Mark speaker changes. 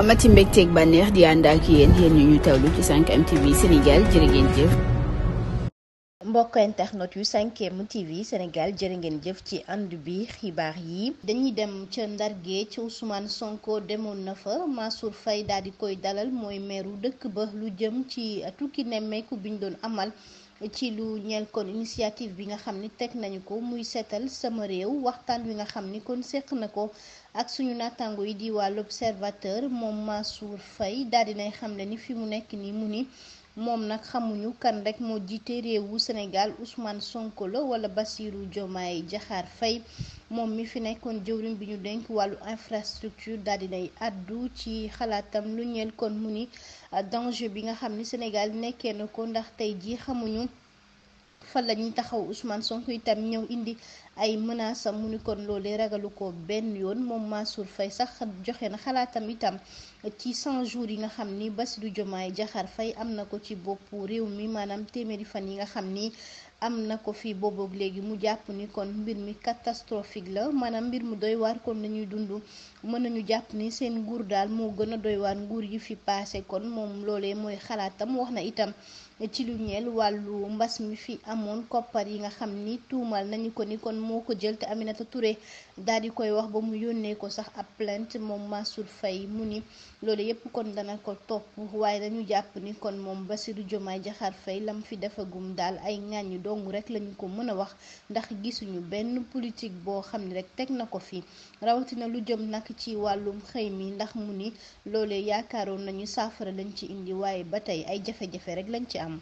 Speaker 1: amati mbégteeg bànneex di ànd ak yéen ñu ñu tawlu ci 5M TV Sénégal jërë ngeen jëf. ngeen jëf ci ànd bi xibaar yi dañuy dem ca Ndar Géej ci Ousmane Sonko demoon na fa Mansour Faye daal di koy dalal mooy meeru dëkk ba lu jëm ci tukki nemmeeku biñ doon amal. ci lu ñeel kon initiative bi nga xam ni teg nañu ko muy seetal sama réew waxtaan wi nga xam ni kon séq na ko ak suñu naataango yi di waa l'Observateur moom Mansour Faye daal dinay xam ne ni fi mu nekk ni mu ni moom nag xamuñu kan rek moo jiite réewu Sénégal Ousmane Sonko sonkolo wala Bassirou Diomaye Diakhar Faye moom mi fi nekkoon jëwriñ bi ñu dénk wàllu infrastructure daal di nay addu ci xalaatam lu ñeel kon mu ni euh, danger bi nga xam ni Sénégal nekkee na ko ndax tey ji xamuñu fan la ñuy taxaw Ousmane Sonko itam ñëw indi ay mënaasam mu ni kon loolee ragalu ko benn yoon moom Mansour Faye sax joxe na xalaatam itam ci 100 jours yi nga xam ni Bassirou Diomaye Diakhar Faye am na ko ci boppu réew mi maanaam téeméeri fan yi nga xam ni am na ko fi boobook léegi mu jàpp ni kon mbir mi catastrophique la maanaam mbir mu doy waar kon nañuy dund mën nañu jàpp ni seen nguur daal moo gën a doy waar nguur yi fi paase kon moom loole mooy xalaatam wax na itam ci lu ñeel wàllu mbas mi fi amoon koppar yi nga xam ni tuumal nañu ko ni kon moo ko jël te Aminata daal di koy wax ba mu yónnee ko sax ab plainte moom Mansour Faye mu ni loolu yépp kon dana ko topp waaye dañu jàpp ni kon moom Bassirou Diomaye Diakhar Faye lam fi defagum daal ay ŋàññi donc rek lañu ko mën a wax ndax gisuñu benn politique boo xam ne rek teg na ko fii rawatina lu jëm nag ci wàllum xëy mi ndax mu ni loole yaakaaroon nañu saafara lañ ci indi waaye ba tey ay jafe-jafe rek lañ ci am.